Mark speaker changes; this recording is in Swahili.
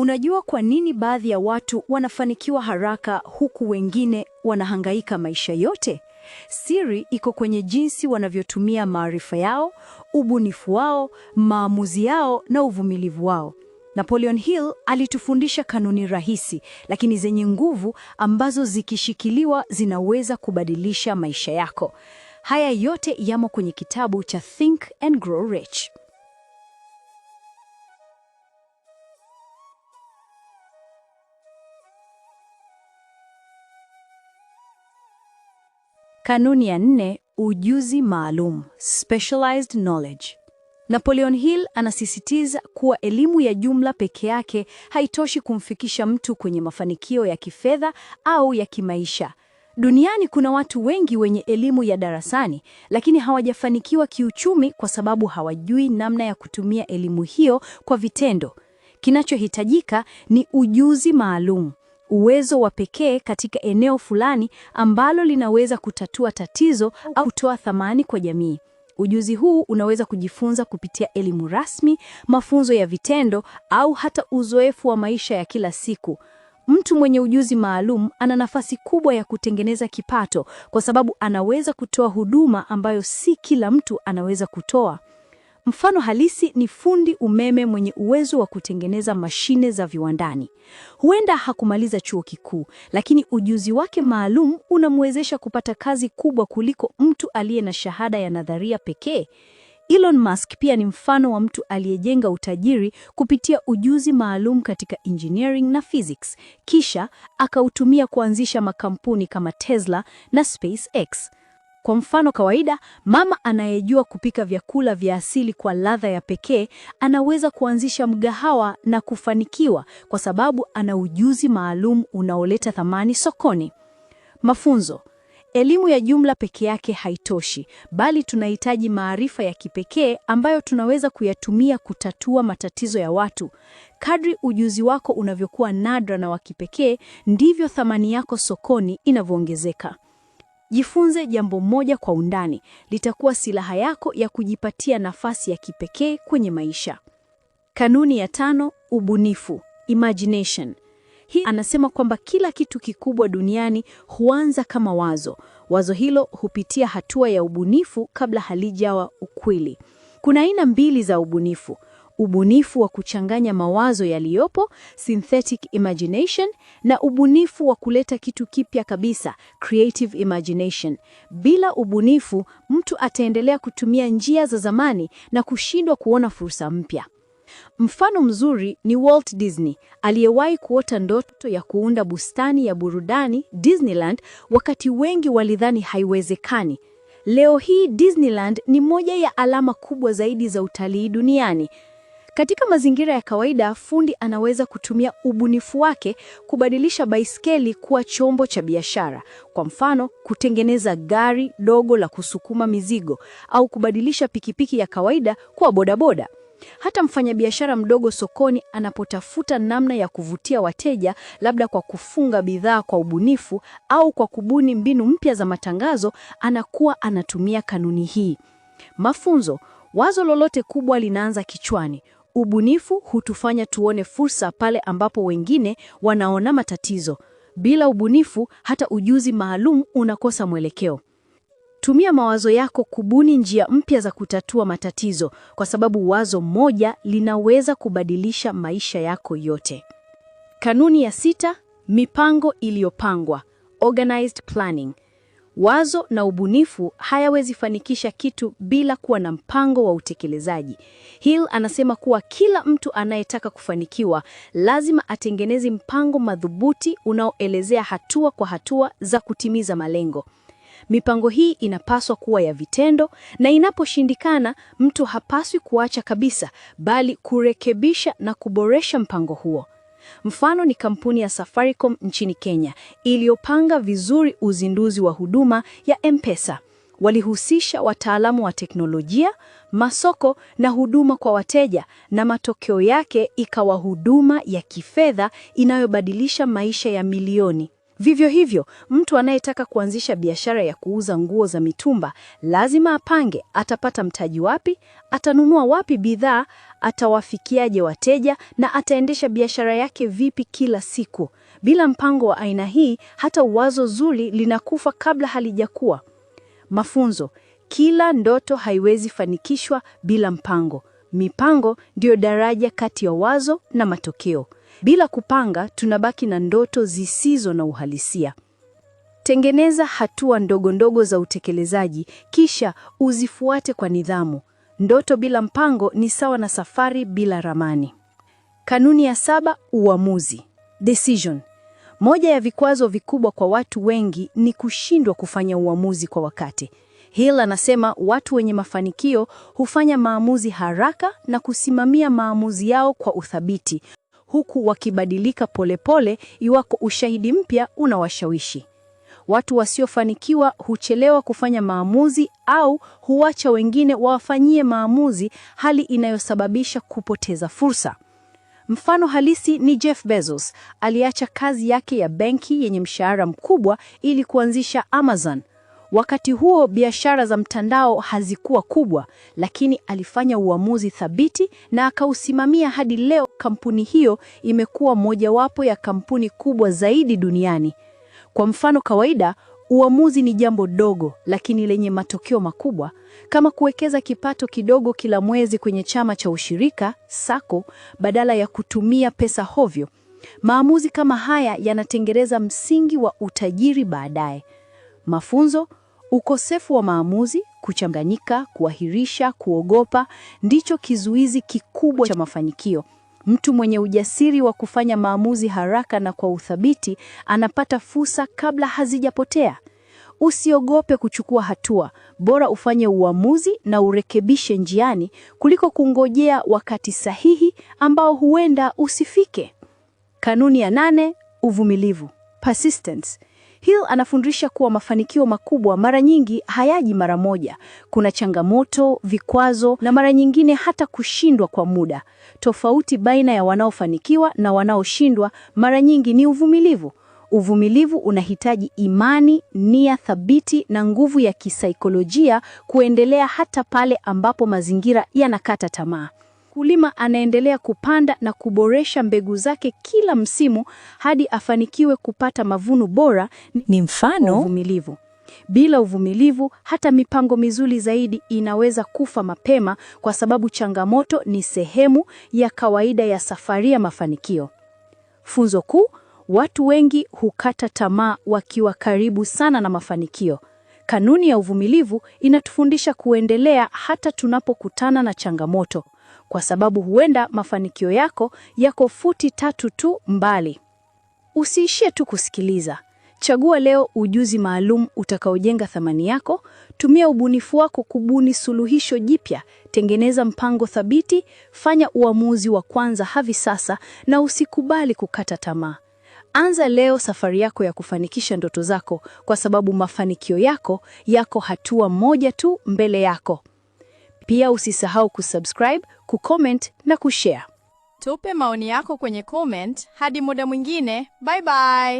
Speaker 1: Unajua kwa nini baadhi ya watu wanafanikiwa haraka huku wengine wanahangaika maisha yote? Siri iko kwenye jinsi wanavyotumia maarifa yao, ubunifu wao, maamuzi yao na uvumilivu wao. Napoleon Hill alitufundisha kanuni rahisi lakini zenye nguvu ambazo zikishikiliwa zinaweza kubadilisha maisha yako. Haya yote yamo kwenye kitabu cha Think and Grow Rich. Kanuni ya nne, ujuzi maalum, specialized knowledge. Napoleon Hill anasisitiza kuwa elimu ya jumla peke yake haitoshi kumfikisha mtu kwenye mafanikio ya kifedha au ya kimaisha. Duniani kuna watu wengi wenye elimu ya darasani, lakini hawajafanikiwa kiuchumi kwa sababu hawajui namna ya kutumia elimu hiyo kwa vitendo. Kinachohitajika ni ujuzi maalum uwezo wa pekee katika eneo fulani ambalo linaweza kutatua tatizo au kutoa thamani kwa jamii. Ujuzi huu unaweza kujifunza kupitia elimu rasmi, mafunzo ya vitendo au hata uzoefu wa maisha ya kila siku. Mtu mwenye ujuzi maalum ana nafasi kubwa ya kutengeneza kipato kwa sababu anaweza kutoa huduma ambayo si kila mtu anaweza kutoa. Mfano halisi ni fundi umeme mwenye uwezo wa kutengeneza mashine za viwandani. Huenda hakumaliza chuo kikuu, lakini ujuzi wake maalum unamwezesha kupata kazi kubwa kuliko mtu aliye na shahada ya nadharia pekee. Elon Musk pia ni mfano wa mtu aliyejenga utajiri kupitia ujuzi maalum katika engineering na physics, kisha akautumia kuanzisha makampuni kama Tesla na SpaceX. Kwa mfano kawaida, mama anayejua kupika vyakula vya asili kwa ladha ya pekee anaweza kuanzisha mgahawa na kufanikiwa kwa sababu ana ujuzi maalum unaoleta thamani sokoni. Mafunzo. Elimu ya jumla peke yake haitoshi, bali tunahitaji maarifa ya kipekee ambayo tunaweza kuyatumia kutatua matatizo ya watu. Kadri ujuzi wako unavyokuwa nadra na wa kipekee, ndivyo thamani yako sokoni inavyoongezeka. Jifunze jambo moja kwa undani, litakuwa silaha yako ya kujipatia nafasi ya kipekee kwenye maisha. Kanuni ya tano, ubunifu, imagination. Hii anasema kwamba kila kitu kikubwa duniani huanza kama wazo. Wazo hilo hupitia hatua ya ubunifu kabla halijawa ukweli. Kuna aina mbili za ubunifu ubunifu wa kuchanganya mawazo yaliyopo, synthetic imagination, na ubunifu wa kuleta kitu kipya kabisa, creative imagination. Bila ubunifu, mtu ataendelea kutumia njia za zamani na kushindwa kuona fursa mpya. Mfano mzuri ni Walt Disney aliyewahi kuota ndoto ya kuunda bustani ya burudani Disneyland, wakati wengi walidhani haiwezekani. Leo hii Disneyland ni moja ya alama kubwa zaidi za utalii duniani. Katika mazingira ya kawaida, fundi anaweza kutumia ubunifu wake kubadilisha baiskeli kuwa chombo cha biashara. Kwa mfano, kutengeneza gari dogo la kusukuma mizigo au kubadilisha pikipiki ya kawaida kuwa bodaboda. Hata mfanyabiashara mdogo sokoni anapotafuta namna ya kuvutia wateja, labda kwa kufunga bidhaa kwa ubunifu au kwa kubuni mbinu mpya za matangazo, anakuwa anatumia kanuni hii. Mafunzo: wazo lolote kubwa linaanza kichwani. Ubunifu hutufanya tuone fursa pale ambapo wengine wanaona matatizo. Bila ubunifu, hata ujuzi maalum unakosa mwelekeo. Tumia mawazo yako kubuni njia mpya za kutatua matatizo, kwa sababu wazo moja linaweza kubadilisha maisha yako yote. Kanuni ya sita: mipango iliyopangwa, organized planning. Wazo na ubunifu hayawezi fanikisha kitu bila kuwa na mpango wa utekelezaji. Hill anasema kuwa kila mtu anayetaka kufanikiwa lazima atengeneze mpango madhubuti unaoelezea hatua kwa hatua za kutimiza malengo. Mipango hii inapaswa kuwa ya vitendo na inaposhindikana, mtu hapaswi kuacha kabisa, bali kurekebisha na kuboresha mpango huo. Mfano ni kampuni ya Safaricom nchini Kenya iliyopanga vizuri uzinduzi wa huduma ya M-Pesa. Walihusisha wataalamu wa teknolojia, masoko na huduma kwa wateja, na matokeo yake ikawa huduma ya kifedha inayobadilisha maisha ya milioni. Vivyo hivyo, mtu anayetaka kuanzisha biashara ya kuuza nguo za mitumba lazima apange atapata mtaji wapi, atanunua wapi bidhaa, atawafikiaje wateja na ataendesha biashara yake vipi kila siku. Bila mpango wa aina hii, hata wazo zuri linakufa kabla halijakuwa. Mafunzo: kila ndoto haiwezi fanikishwa bila mpango. Mipango ndiyo daraja kati ya wazo na matokeo. Bila kupanga, tunabaki na ndoto zisizo na uhalisia. Tengeneza hatua ndogo ndogo za utekelezaji, kisha uzifuate kwa nidhamu. Ndoto bila mpango ni sawa na safari bila ramani. Kanuni ya saba, uamuzi, decision. Moja ya vikwazo vikubwa kwa watu wengi ni kushindwa kufanya uamuzi kwa wakati. Hill anasema watu wenye mafanikio hufanya maamuzi haraka na kusimamia maamuzi yao kwa uthabiti huku wakibadilika polepole pole, iwako ushahidi mpya unawashawishi. Watu wasiofanikiwa huchelewa kufanya maamuzi au huacha wengine wawafanyie maamuzi, hali inayosababisha kupoteza fursa. Mfano halisi ni Jeff Bezos, aliacha kazi yake ya benki yenye mshahara mkubwa ili kuanzisha Amazon. Wakati huo biashara za mtandao hazikuwa kubwa, lakini alifanya uamuzi thabiti na akausimamia hadi leo. Kampuni hiyo imekuwa mojawapo ya kampuni kubwa zaidi duniani. Kwa mfano kawaida, uamuzi ni jambo dogo lakini lenye matokeo makubwa, kama kuwekeza kipato kidogo kila mwezi kwenye chama cha ushirika sako, badala ya kutumia pesa hovyo. Maamuzi kama haya yanatengeneza msingi wa utajiri baadaye. Mafunzo, ukosefu wa maamuzi, kuchanganyika, kuahirisha, kuogopa ndicho kizuizi kikubwa cha mafanikio. Mtu mwenye ujasiri wa kufanya maamuzi haraka na kwa uthabiti anapata fursa kabla hazijapotea. Usiogope kuchukua hatua, bora ufanye uamuzi na urekebishe njiani kuliko kungojea wakati sahihi ambao huenda usifike. Kanuni ya nane, uvumilivu, persistence. Hill anafundisha kuwa mafanikio makubwa mara nyingi hayaji mara moja. Kuna changamoto, vikwazo na mara nyingine hata kushindwa kwa muda. Tofauti baina ya wanaofanikiwa na wanaoshindwa mara nyingi ni uvumilivu. Uvumilivu unahitaji imani, nia thabiti na nguvu ya kisaikolojia kuendelea hata pale ambapo mazingira yanakata tamaa mkulima anaendelea kupanda na kuboresha mbegu zake kila msimu hadi afanikiwe kupata mavuno bora, ni mfano uvumilivu. Bila uvumilivu, hata mipango mizuri zaidi inaweza kufa mapema, kwa sababu changamoto ni sehemu ya kawaida ya safari ya mafanikio. Funzo kuu: watu wengi hukata tamaa wakiwa karibu sana na mafanikio. Kanuni ya uvumilivu inatufundisha kuendelea hata tunapokutana na changamoto kwa sababu huenda mafanikio yako yako futi tatu tu mbali. Usiishie tu kusikiliza. Chagua leo ujuzi maalum utakaojenga thamani yako. Tumia ubunifu wako kubuni suluhisho jipya. Tengeneza mpango thabiti, fanya uamuzi wa kwanza havi sasa, na usikubali kukata tamaa. Anza leo safari yako ya kufanikisha ndoto zako, kwa sababu mafanikio yako yako hatua moja tu mbele yako. Pia usisahau kusubscribe, kucomment na kushare.
Speaker 2: Tupe maoni yako kwenye comment. Hadi muda mwingine, bye bye.